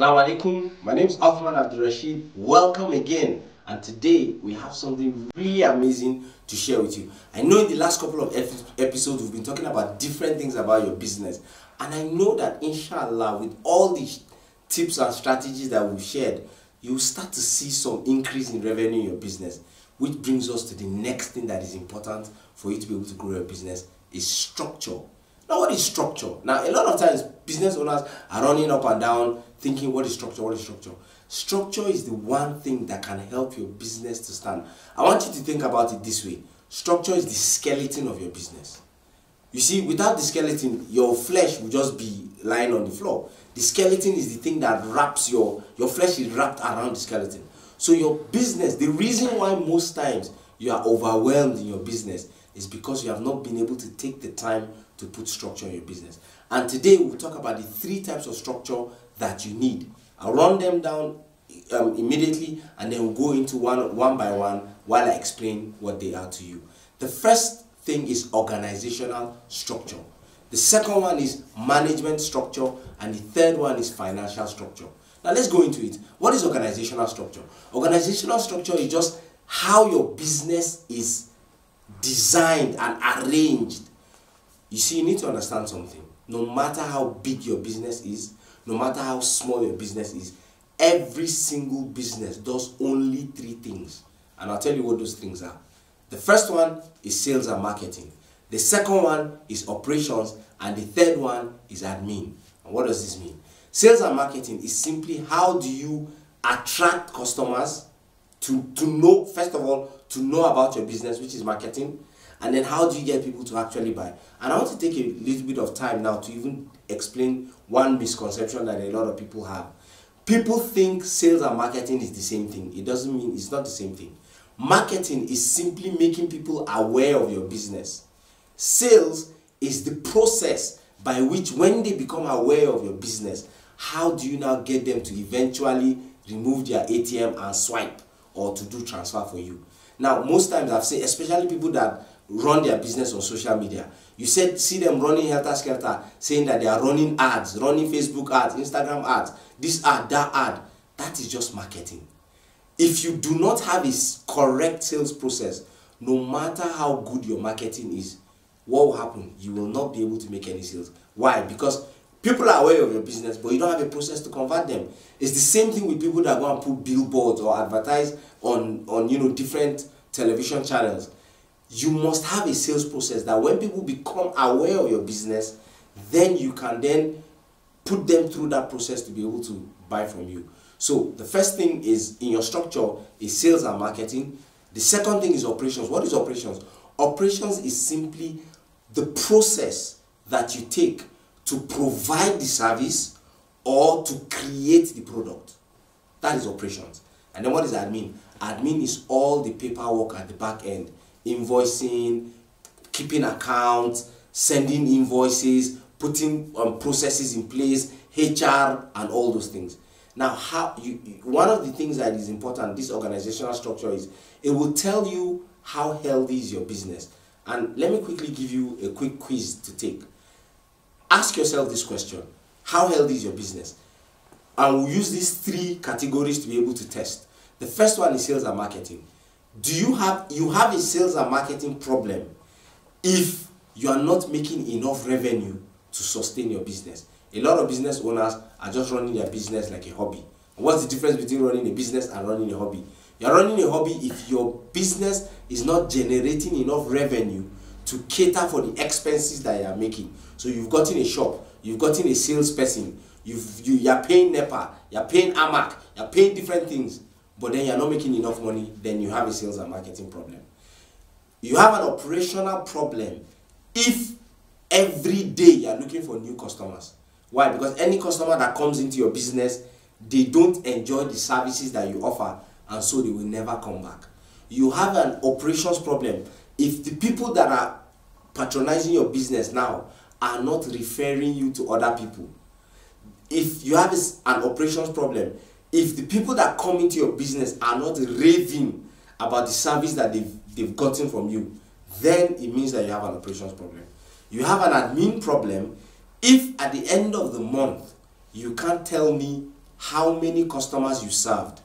Assalamu alaikum, my name is Othman Rashid. Welcome again, and today we have something really amazing to share with you. I know in the last couple of episodes we've been talking about different things about your business, and I know that inshallah, with all these tips and strategies that we've shared, you'll start to see some increase in revenue in your business. Which brings us to the next thing that is important for you to be able to grow your business is structure. Now, what is structure? Now, a lot of times business owners are running up and down thinking what is structure, what is structure. Structure is the one thing that can help your business to stand. I want you to think about it this way. Structure is the skeleton of your business. You see, without the skeleton, your flesh will just be lying on the floor. The skeleton is the thing that wraps your, your flesh is wrapped around the skeleton. So your business, the reason why most times you are overwhelmed in your business is because you have not been able to take the time to put structure in your business. And today we'll talk about the three types of structure that you need. I'll run them down um, immediately and then we'll go into one, one by one while I explain what they are to you. The first thing is organizational structure. The second one is management structure and the third one is financial structure. Now let's go into it. What is organizational structure? Organizational structure is just how your business is designed and arranged you see, you need to understand something. No matter how big your business is, no matter how small your business is, every single business does only three things. And I'll tell you what those things are. The first one is sales and marketing. The second one is operations. And the third one is admin. And what does this mean? Sales and marketing is simply how do you attract customers to, to know, first of all, to know about your business, which is marketing and then how do you get people to actually buy and i want to take a little bit of time now to even explain one misconception that a lot of people have people think sales and marketing is the same thing it doesn't mean it's not the same thing marketing is simply making people aware of your business sales is the process by which when they become aware of your business how do you now get them to eventually remove their atm and swipe or to do transfer for you now most times i've seen especially people that run their business on social media. You said see them running helter skelter, saying that they are running ads, running Facebook ads, Instagram ads, this ad, that ad. That is just marketing. If you do not have a correct sales process, no matter how good your marketing is, what will happen? You will not be able to make any sales. Why? Because people are aware of your business, but you don't have a process to convert them. It's the same thing with people that go and put billboards or advertise on on you know different television channels you must have a sales process that when people become aware of your business, then you can then put them through that process to be able to buy from you. So the first thing is in your structure is sales and marketing. The second thing is operations. What is operations? Operations is simply the process that you take to provide the service or to create the product. That is operations. And then what is admin? Admin is all the paperwork at the back end invoicing, keeping accounts, sending invoices, putting um, processes in place, HR, and all those things. Now, how you, one of the things that is important, this organizational structure is it will tell you how healthy is your business. And let me quickly give you a quick quiz to take. Ask yourself this question How healthy is your business? And we'll use these three categories to be able to test. The first one is sales and marketing do you have you have a sales and marketing problem if you are not making enough revenue to sustain your business a lot of business owners are just running their business like a hobby what's the difference between running a business and running a hobby you're running a hobby if your business is not generating enough revenue to cater for the expenses that you are making so you've gotten a shop you've gotten a salesperson you've you, you're paying nepa you're paying amac you're paying different things but then you're not making enough money, then you have a sales and marketing problem. You have an operational problem if every day you're looking for new customers. Why? Because any customer that comes into your business, they don't enjoy the services that you offer, and so they will never come back. You have an operations problem. If the people that are patronizing your business now are not referring you to other people, if you have an operations problem, if the people that come into your business are not raving about the service that they've, they've gotten from you, then it means that you have an operations problem. You have an admin problem if at the end of the month you can't tell me how many customers you served.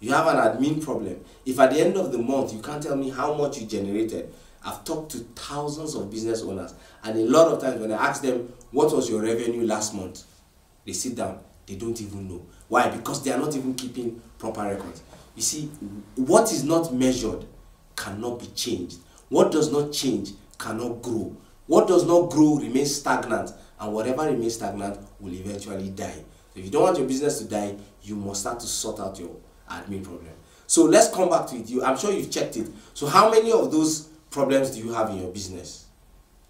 You have an admin problem. If at the end of the month you can't tell me how much you generated, I've talked to thousands of business owners, and a lot of times when I ask them, What was your revenue last month? they sit down, they don't even know. Why? Because they are not even keeping proper records. You see, what is not measured cannot be changed. What does not change cannot grow. What does not grow remains stagnant, and whatever remains stagnant will eventually die. So if you don't want your business to die, you must start to sort out your admin problem. So let's come back to it. You, I'm sure you've checked it. So how many of those problems do you have in your business?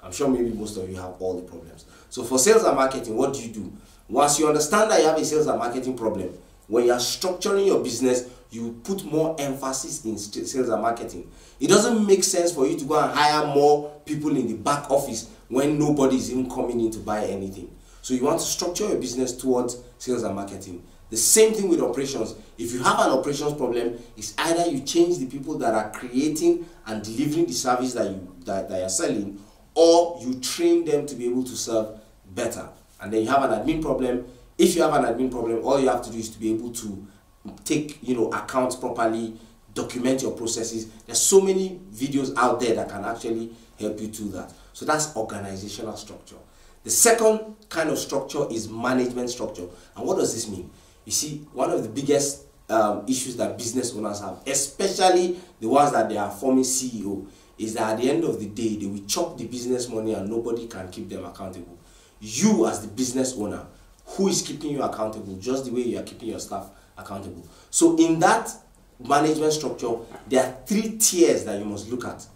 I'm sure maybe most of you have all the problems. So for sales and marketing, what do you do? Once you understand that you have a sales and marketing problem, when you are structuring your business, you put more emphasis in sales and marketing. It doesn't make sense for you to go and hire more people in the back office when nobody is even coming in to buy anything. So you want to structure your business towards sales and marketing. The same thing with operations. If you have an operations problem, it's either you change the people that are creating and delivering the service that you that, that you're selling, or you train them to be able to serve better. And then you have an admin problem. If you have an admin problem, all you have to do is to be able to take you know accounts properly, document your processes. There's so many videos out there that can actually help you do that. So that's organizational structure. The second kind of structure is management structure. And what does this mean? You see, one of the biggest um, issues that business owners have, especially the ones that they are forming CEO, is that at the end of the day, they will chop the business money and nobody can keep them accountable. You, as the business owner, who is keeping you accountable, just the way you are keeping your staff accountable. So, in that management structure, there are three tiers that you must look at.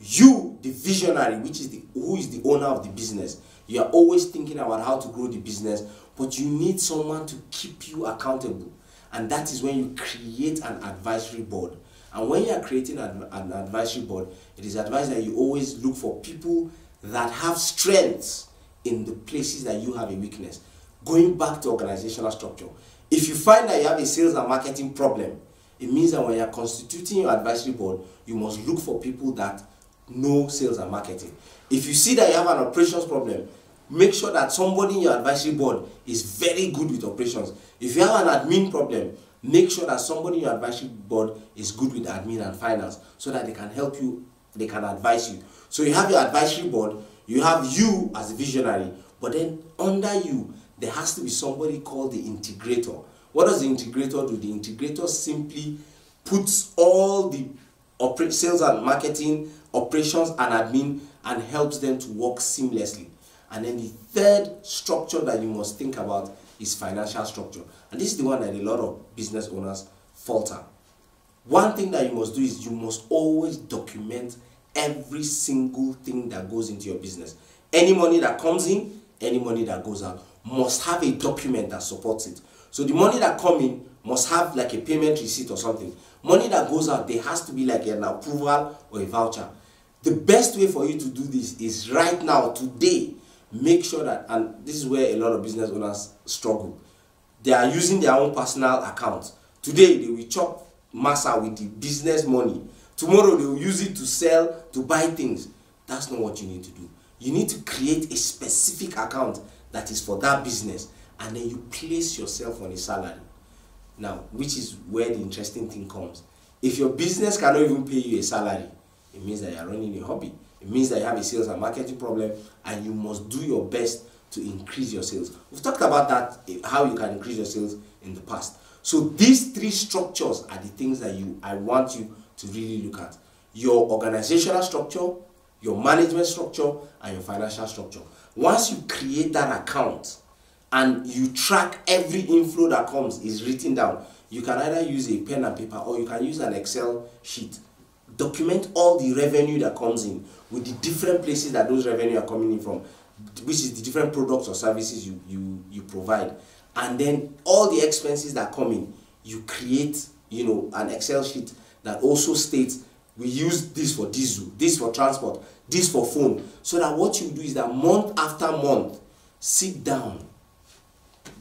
You, the visionary, which is the who is the owner of the business, you are always thinking about how to grow the business, but you need someone to keep you accountable. And that is when you create an advisory board and when you are creating an, an advisory board, it is advised that you always look for people that have strengths in the places that you have a weakness. Going back to organizational structure, if you find that you have a sales and marketing problem, it means that when you're constituting your advisory board, you must look for people that know sales and marketing. If you see that you have an operations problem, make sure that somebody in your advisory board is very good with operations. If you have an admin problem, Make sure that somebody in your advisory board is good with admin and finance so that they can help you, they can advise you. So you have your advisory board, you have you as a visionary, but then under you, there has to be somebody called the integrator. What does the integrator do? The integrator simply puts all the sales and marketing, operations and admin and helps them to work seamlessly. And then the third structure that you must think about is financial structure. And this is the one that a lot of business owners falter. One thing that you must do is you must always document every single thing that goes into your business. Any money that comes in, any money that goes out must have a document that supports it. So the money that comes in must have like a payment receipt or something. Money that goes out, there has to be like an approval or a voucher. The best way for you to do this is right now, today, make sure that and this is where a lot of business owners struggle they are using their own personal account today they will chop massa with the business money tomorrow they will use it to sell to buy things that's not what you need to do you need to create a specific account that is for that business and then you place yourself on a salary now which is where the interesting thing comes if your business cannot even pay you a salary it means that you are running a hobby It means that you have a sales and marketing problem and you must do your best to increase your sales. We've talked about that, eh, how you can increase your sales in the past. So these three structures are the things that you I want you to really look at. Your organizational structure, your management structure, and your financial structure. Once you create that account and you track every inflow that comes is written down, you can either use a pen and paper or you can use an Excel sheet document all the revenue that comes in with the different places that those revenue are coming in from which is the different products or services you you you provide and then all the expenses that come in you create you know an excel sheet that also states we use this for diesel this for transport this for phone so that what you do is that month after month sit down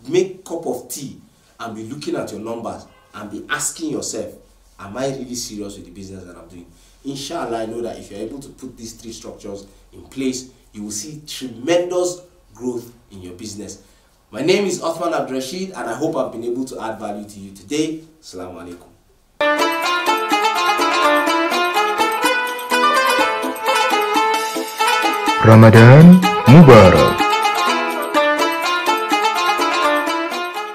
make cup of tea and be looking at your numbers and be asking yourself am I really serious with the business that I'm doing? Inshallah, I know that if you're able to put these three structures in place, you will see tremendous growth in your business. My name is Othman Abdrashid, and I hope I've been able to add value to you today. Assalamu alaikum. Ramadan Mubarak